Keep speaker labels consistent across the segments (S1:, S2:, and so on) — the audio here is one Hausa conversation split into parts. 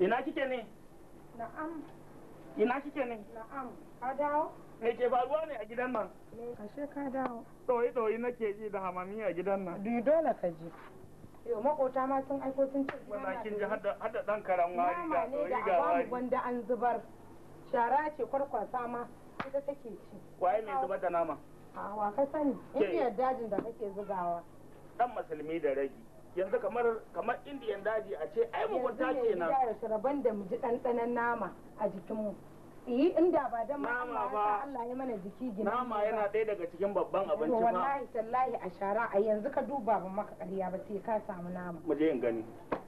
S1: ina kike ne na'am ina
S2: kike ne na'am ka dawo me ke faruwa ne a gidan nan kashe ka dawo
S1: tsoyi na ke ji da hamami a gidan nan duk dole ka ji
S2: Yo makota ma sun aiko sun ce wanda kin ji
S1: hada dan karan wari ga tsoyi ga wari wanda
S2: an zubar shara ce kwarkwasa ma ita take ci waye mai zubar da nama a wa ka sani in dajin da kake zugawa
S1: dan musulmi da ragi yanzu kamar kamar indiyan daji a ce ai mugunta kenan yanzu ya
S2: rasu rabon da mu ji ɗanɗanan nama a jikinmu yi inda ba don nama ba Allah ya mana jiki gina nama yana
S1: ɗaya daga cikin babban abinci ba wallahi
S2: tallahi a shara a yanzu ka duba ba maka ƙarya ba sai ka samu nama
S1: mu je in gani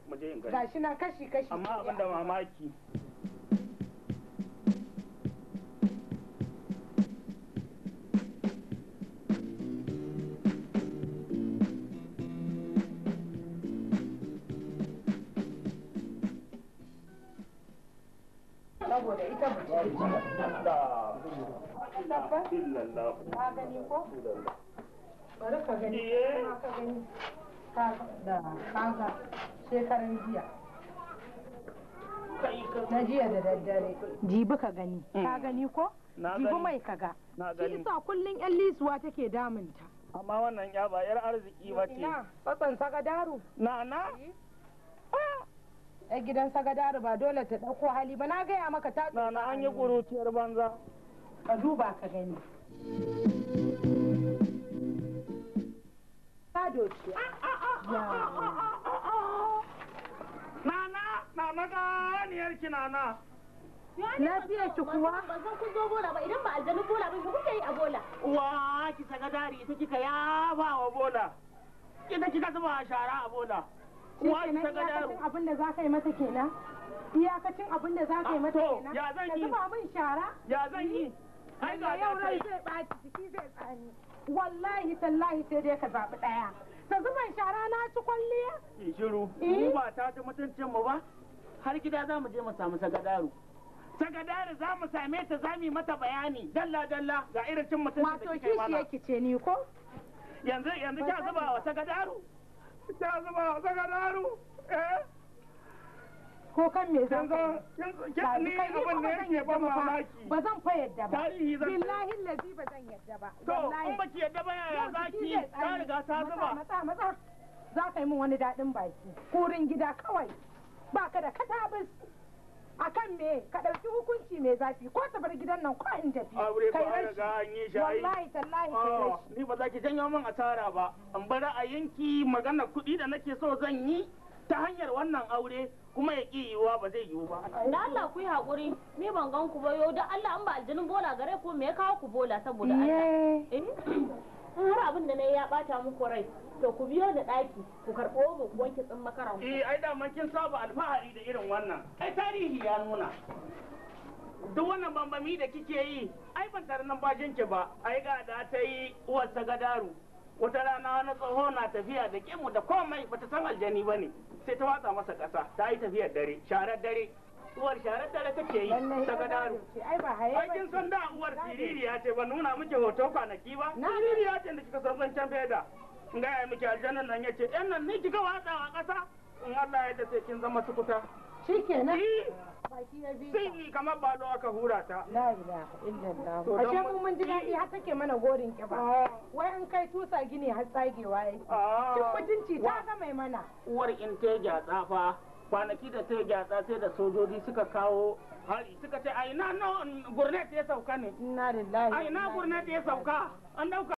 S1: mu je in gani gashi
S2: na kashi kashi amma
S1: abin da mamaki
S2: saboda ita bari ka gani ka gani da kaga shekaran jiya na jiya da daddare jibi ka gani mm. ka gani ko jibi mai ka kaga shi sa kullum yan lisuwa take damunta
S1: amma wannan ya ba yar arziki ba ce
S2: fatsan saka daru na na eh. ai gidan sagadaru ba dole ta ɗauko hali ba na gaya maka ta na an yi mm. ƙuruciyar banza ka duba ka gani ta doce
S1: nana nana niyar ki nana lafiyar ki kuwa ba zan kun zo bola ba idan ba aljanu bola ba ki kuke yi a bola wa ki sagadari ita kika yafa wa bola ita kika zuba shara a bola
S2: uwa ta gadaru abin da za ka yi mata kenan iyakacin abin za ka yi ah, mata kenan ya zan yi abin shara ya zan yi
S1: ai ga yau rai zai
S2: baci jiki zai tsani wallahi tallahi sai dai ka zabi daya ta zuban shara na ci kwalliya
S1: in shiru eh? mu ba ta ji mutuncin mu ba har gida za mu je mu samu sagadaru sagadaru za mu same ta za mu yi mata bayani dalla dalla ga irin cin mutuncin da kike mana wato kishi yake ce ni ko yanzu yanzu kya zuba wa sagadaru ya zuba saka daru eh?
S2: ko kan me zan ka yanzu ni abin da yake ba mamaki ba zan fa yadda ba billahi lazi ba zan yadda ba to in ki yadda ba yaya za zaki ta riga ta zuba matsa matsa za ka yi min wani daɗin baki kurin gida kawai ba ka da katabis akan kan me ka ɗauki hukunci mai zafi ko ta bar gidan nan ko in tafi aure ba an yi shi wallahi tallahi ah, ni
S1: ba za ki janyo min asara ba in bar ra'ayinki magana kuɗi da nake so zan yi ta hanyar wannan aure kuma ya ki yiwuwa ba zai yiwu ba. Da Allah ku yi
S2: hakuri ni ban gan ku ba yau da Allah an ba aljinin bola gare ku me ya kawo ku bola saboda Allah. in har abin da na ya bata muku rai to ku biyo da daki ku karɓo mu ku wanke tsin makaran eh ai da
S1: man kin saba alfahari da irin wannan ai tarihi ya nuna duk wannan bambami da kike yi ai ban tare nan bajin ki ba ai ga da ta yi uwar ta gadaru wata rana wani tsoho na tafiya da kimu da komai bata san aljani bane sai ta watsa masa ƙasa ta yi tafiyar dare sharar dare uwar sharar dare take yi ta daga daru ai kin san da uwar siririya ce ba nuna miki hoto kwanaki ba siririya ce da kika san zancen feda in ga ya miki aljannan nan yace yan nan ne kika watsawa kasa in Allah ya da sai kin zama sukuta shikenan
S2: baki ya sai
S1: kamar ba da aka hura ta la ilaha illallah ashe mu mun ji dadi har
S2: take mana gorin kiba ah. wai in kai tusa gini har tsagewa yake ah. duk mutunci ta ga mai mana
S1: uwar in ta ja tsafa kwanaki da sai gyatsa sai da sojoji suka kawo hari suka ce a na gurnet ya sauka ne ina gurnet ya sauka an dauka